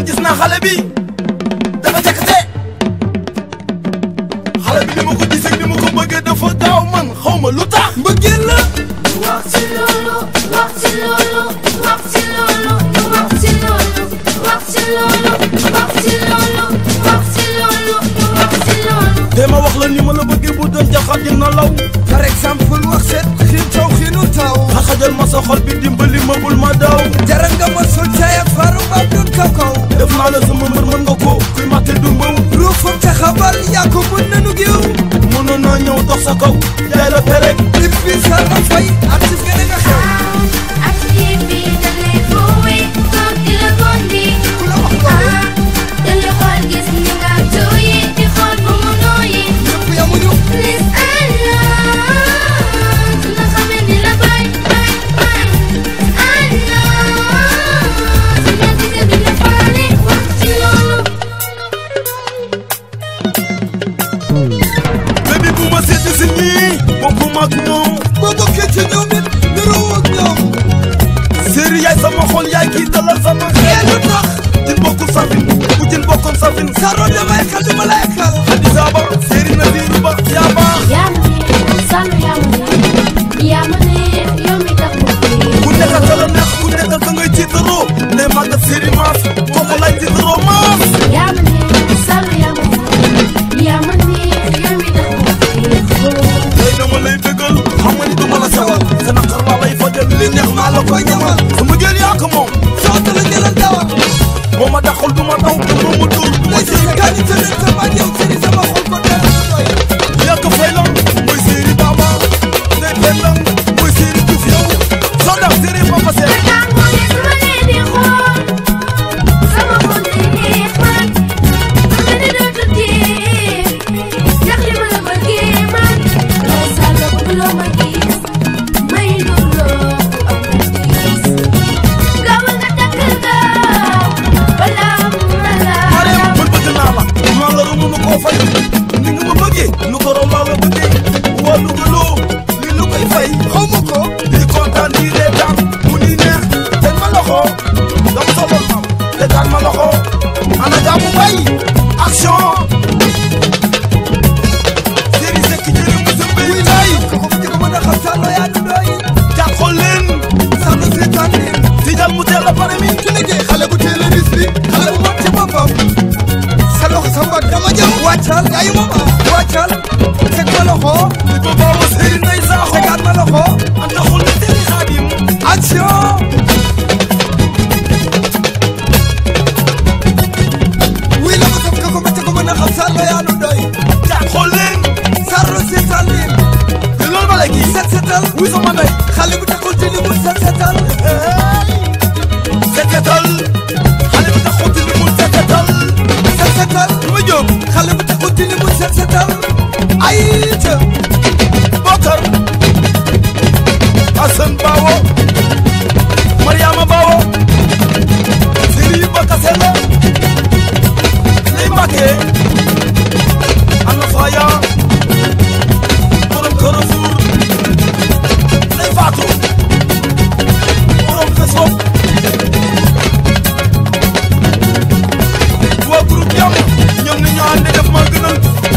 man gis naa xale bi dafa jakkate xale bi ni ma ko gisee ni ma ko bëggee dafa gaaw man xaw ma lu tax mbëggeel la wax ci loolu wax ci loolu wax ci loolu wax ci loolu wax ci loolu wax ci loolu wax ci loolu wax ci loolu te ma wax la ni ma la bëggee bu doon jaxat dina law par exemple wax seet xiin taw xiinu taw xaxajal ma sa xol bi dimbali ma bul ma daw jaral nga ma sul caaya fa let delo terek let sara fay وافن صاروا يا ما يخلي ملايكل هدي زابا سيري نزير وبا يا با يا منير صانو يا منير يا منير يومي تقبل كنا قتلوا نخ كنا قتلوا يتدرو نما تسيري ماس وقلا يتدرو ماس يا منير صانو يا منير يا منير يومي تقبل لينا ولا يبقل حمني دمنا سوا سنقر الله يفضل لين يخمع لفاق يا منير سمجل ياكمو شاطر لين الدوا وما de tal no lo setal wuy sama ndey xale bu taxul ci li mu set setal maa gënal